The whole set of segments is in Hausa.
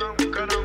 gonna.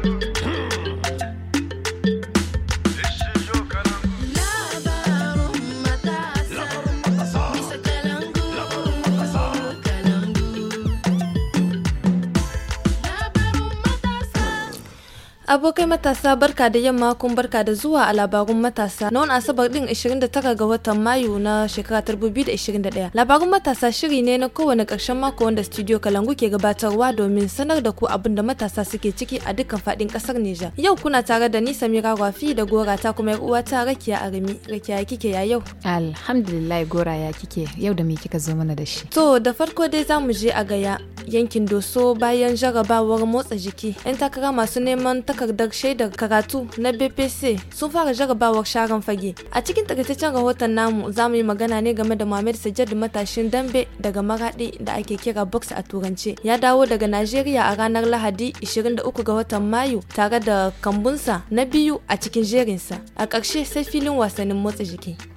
Abokai matasa barka da yamma kun barka da zuwa a labarun matasa na wani asabar din 29 ga watan Mayu na shekara 2021. Labarun matasa shiri ne na kowane karshen mako wanda studio Kalangu ke gabatarwa domin sanar da ku abin da matasa suke ciki a dukkan fadin kasar Nijar. Yau kuna tare da ni Samira Rafi da Gora ta kuma uwa ta Rakiya Arimi. Rakiya kike ya yau? Alhamdulillah Gora ya kike yau da me kika zo mana da shi. To da farko dai za mu je a gaya yankin Doso bayan jarabawar motsa jiki. 'Yan takara masu neman takardar shaidar karatu na BPC sun fara jarabawar sharan fage. A cikin takaitaccen rahoton namu za mu yi magana ne game da Mohamed Sajjad matashin dambe daga Maradi da ake kira box a turance. Ya dawo daga Najeriya a ranar Lahadi 23 ga watan Mayu tare da kambunsa na biyu a cikin jerinsa. A ƙarshe sai filin wasannin motsa jiki.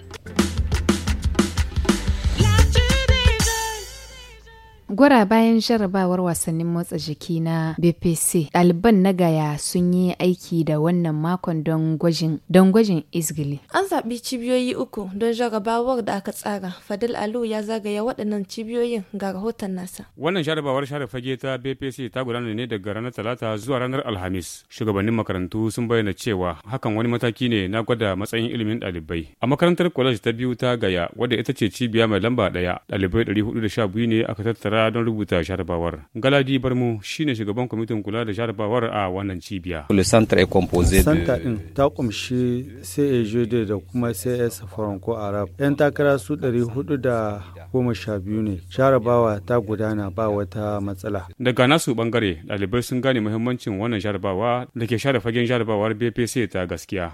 gwara bayan jarabawar wasannin motsa jiki na bpc ɗaliban na gaya sun yi aiki da wannan makon don gwajin don gwajin isgili an zaɓi cibiyoyi uku don jarabawar da aka tsara fadil alu ya zagaya waɗannan cibiyoyin ga rahoton nasa wannan jarabawar share fage ta bpc ta gudana ne daga ranar talata zuwa ranar alhamis shugabannin makarantu sun bayyana cewa hakan wani mataki ne na gwada matsayin ilimin ɗalibai a makarantar college ta biyu ta gaya wadda ita ce cibiya mai lamba ɗaya ɗalibai 412 ne aka tattara don rubuta jarabawar. Galadi Barmu shine shugaban kwamitin kula da jarabawar a wannan cibiya. Santa ɗin ta kumshi CAJD da kuma CS Franco Arab. 'Yan takara su ɗari hudu da goma sha biyu ne. Jarabawa ta gudana ba wata matsala. Daga nasu bangare ɗalibai sun gane muhimmancin wannan jarabawa da ke share fagen jarabawar BPC ta gaskiya.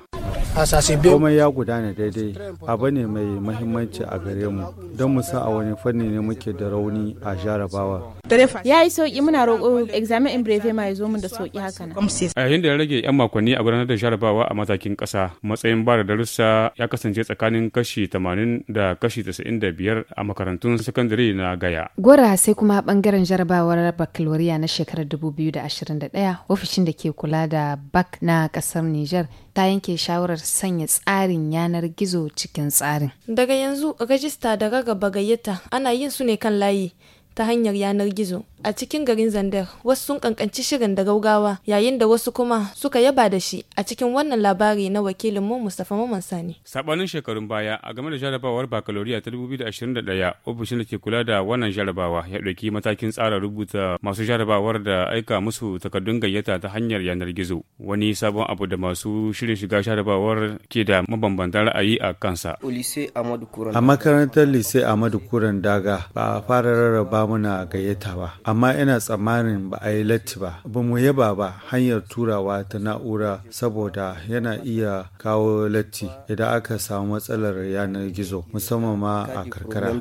komai ya gudana daidai abu ne mai mahimmanci a gare mu don mu sa a wani fanni ne muke da rauni a jarabawa ya yi sauki muna roƙo examen in breve ma ya zo mu da sauki haka na. a yayin da ya rage yan makonni a gudanar da jarabawa a matakin ƙasa matsayin ba da darussa ya kasance tsakanin kashi 80 da kashi 95 a makarantun sakandare na gaya gora sai kuma bangaren jarabawar baccalaureate na shekarar 2021 ofishin da ke kula da bak na kasar niger ta yanke shawarar sanya tsarin yanar gizo cikin tsarin. Daga yanzu rajista da gaba gayyata ana yin su ne kan layi ta hanyar yanar gizo. A cikin garin Zandar, wasu sun kankanci shirin da gaugawa, yayin da wasu kuma suka yaba da shi a cikin wannan labari na wakilin mu Mustapha Maman Sani. Sabanin shekarun baya a game da jarabawar bakaloriya ta 2021, ofishin da ke kula da wannan jarabawa ya ɗauki matakin tsara rubuta masu jarabawar da aika musu takardun gayyata ta hanyar yanar gizo. Wani sabon abu da masu shirin shiga jarabawar ke da mabambantan ra'ayi a kansa. A makarantar Lise Amadu Kuran Daga ba a fara rarraba ba muna gayyata ba amma ina tsammanin ba a yi latti ba ba mu yaba ba hanyar turawa ta na'ura saboda yana iya kawo latti idan aka samu matsalar yanar gizo musamman ma a karkara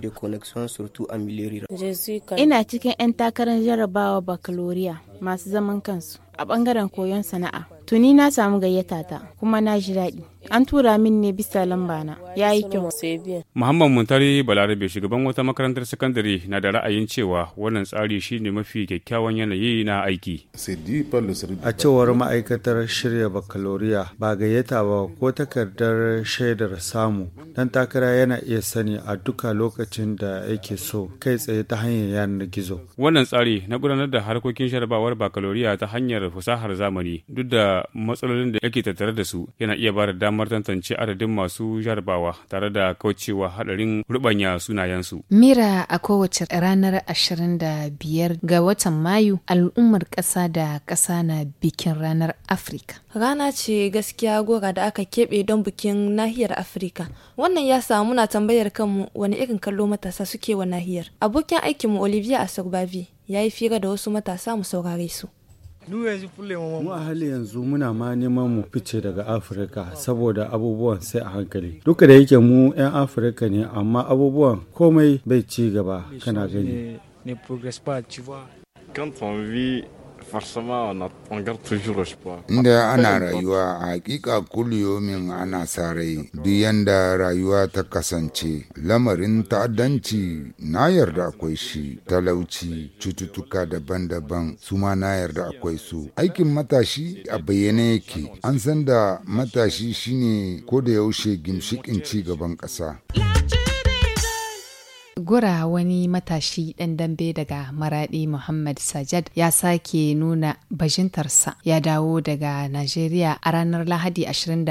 ina cikin 'yan takarar jarabawa baccalaureate masu zaman kansu a bangaren koyon sana'a. Tuni na samu gayyata ta kuma na ji daɗi. An tura min ne bisa lamba na. Ya yi kyau. Muhammad Muntari Balarabe shugaban wata makarantar sakandare na da ra'ayin cewa wannan tsari shine mafi kyakkyawan yanayi na aiki. A cewar ma'aikatar shirya bakaloriya ba gayyata ba ko takardar shaidar samu dan takara yana iya sani a duka lokacin da yake so kai tsaye ta hanyar yanar gizo. Wannan tsari na gudanar da harkokin jarabawar rayuwar bakaloriya ta hanyar fasahar zamani duk da matsalolin da yake tattare da su yana iya bada damar tantance adadin masu jarabawa tare da kaucewa hadarin rubanya sunayensu. Mira a kowace ranar 25 ga watan Mayu al'ummar ƙasa da ƙasa na bikin ranar Afirka. Rana ce gaskiya gora da aka keɓe don bikin nahiyar Afirka. Wannan ya samu muna tambayar kanmu wani irin kallo matasa suke wa nahiyar. Abokin aikinmu Olivia Asogbavi ya yi fira da wasu matasa mu saurare su. mu a hali yanzu muna ma neman mu fice daga afirka saboda abubuwan sai a hankali duka da yake mu 'yan afirka ne amma abubuwan komai bai ci gaba kana gani Inda ana rayuwa a hakika kuliyomin ana sa rai duk yanda rayuwa ta kasance lamarin ta'addanci na yarda akwai shi talauci cututtuka daban-daban su ma na yarda akwai su aikin matashi a bayyane yake an san da matashi shine ko da yaushe gimshikin ci gaban ƙasa. Gura wani matashi ɗan dambe daga Maraɗi Muhammad Sajad ya sake nuna bajintarsa ya dawo daga Najeriya a ranar Lahadi 23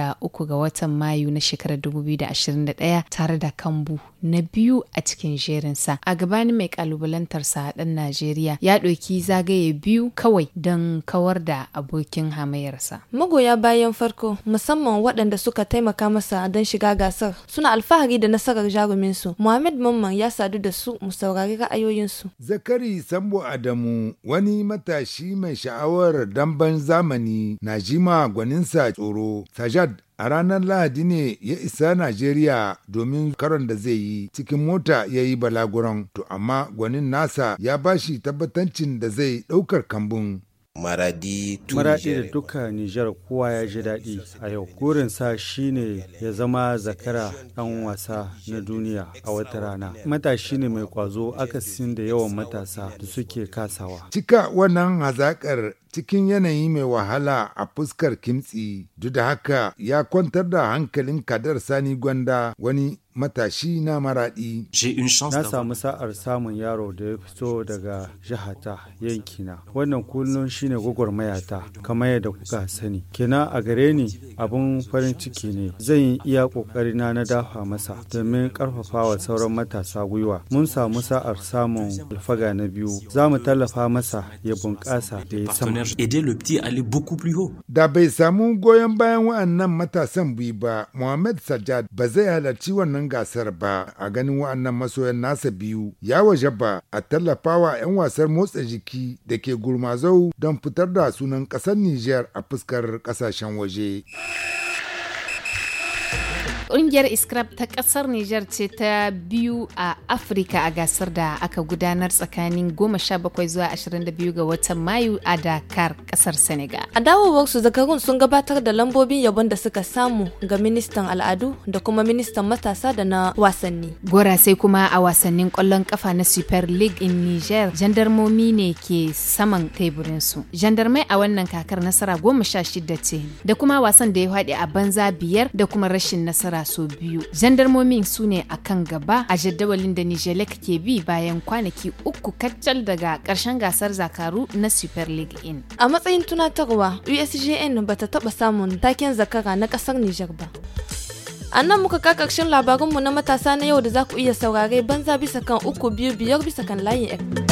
ga watan Mayu na shekarar 2021 tare da Kambu na biyu a cikin jerinsa. A gabanin mai kalubalantar sa ɗan Najeriya ya ɗauki zagaye biyu kawai don kawar da abokin hamayarsa. Magoya bayan farko musamman waɗanda suka taimaka masa don shiga gasar suna alfahari da nasarar jarumin jaruminsu. Muhammad Mamman ya sadu da su mu saurari ra'ayoyinsu. Zakari Sambo Adamu wani matashi mai sha'awar damben zamani na jima gwaninsa tsoro Sajad a ranar lahadi ne ya isa najeriya domin karon da zai yi cikin mota ya yi balaguron to amma gwanin nasa ya bashi tabbatancin da zai ɗaukar kambun maradi da duka nijar kowa ya ji daɗi a yau gurinsa shine ya zama zakara ɗan wasa na duniya a wata rana matashi ne mai kwazo akasin da yawan matasa da suke kasawa cika wannan hazaƙar cikin yanayi mai wahala a fuskar kimtsi duk da haka ya kwantar da hankalin kadar sani gwanda wani matashi na maraɗi. Na samu sa'ar samun yaro da ya fito daga jihata yankina. Wannan kullum shine mayata, kamar yadda kuka sani. Kina a gare ni abin farin ciki ne. Zan yi iya ƙoƙarina na na dafa masa domin wa sauran matasa gwiwa. Mun samu sa'ar samun alfaga na biyu. Za mu tallafa masa ya bunƙasa da ya sama. village aider le petit à aller beaucoup plus haut. Da bai samu goyon bayan wa'annan matasan bi ba, Mohamed Sajjad ba zai halarci wannan gasar ba a ganin wa'annan masoyan nasa biyu. Ya waje ba a tallafawa 'yan wasar motsa jiki da ke gurmazau don fitar da sunan ƙasar Nijar a fuskar ƙasashen waje. Ƙungiyar Iskrab ta ƙasar Nijar ce ta biyu a Afirka a gasar da aka gudanar tsakanin 17 zuwa 22 ga watan Mayu a Dakar, ƙasar Senegal. A dawowarsu zakarun sun gabatar da lambobin yabon da suka samu ga ministan al'adu da kuma ministan matasa da na wasanni. Gora sai kuma a wasannin kwallon kafa na Super League in niger jandarmomi ne ke saman teburin su. Jandarmai a wannan kakar nasara goma sha shida ce, da kuma wasan da ya haɗe a banza biyar da kuma rashin nasara shekara sau biyu jandarmomin su ne a kan gaba a jadawalin da nijelek ke bi bayan kwanaki uku kacal daga karshen gasar zakaru na super league in a matsayin tunatarwa usgn ba ta taɓa samun taken zakara na kasar nijar ba a nan muka ka ƙarshen labarinmu na matasa na yau da za ku iya saurare banza bisa kan uku biyu biyar bisa kan layin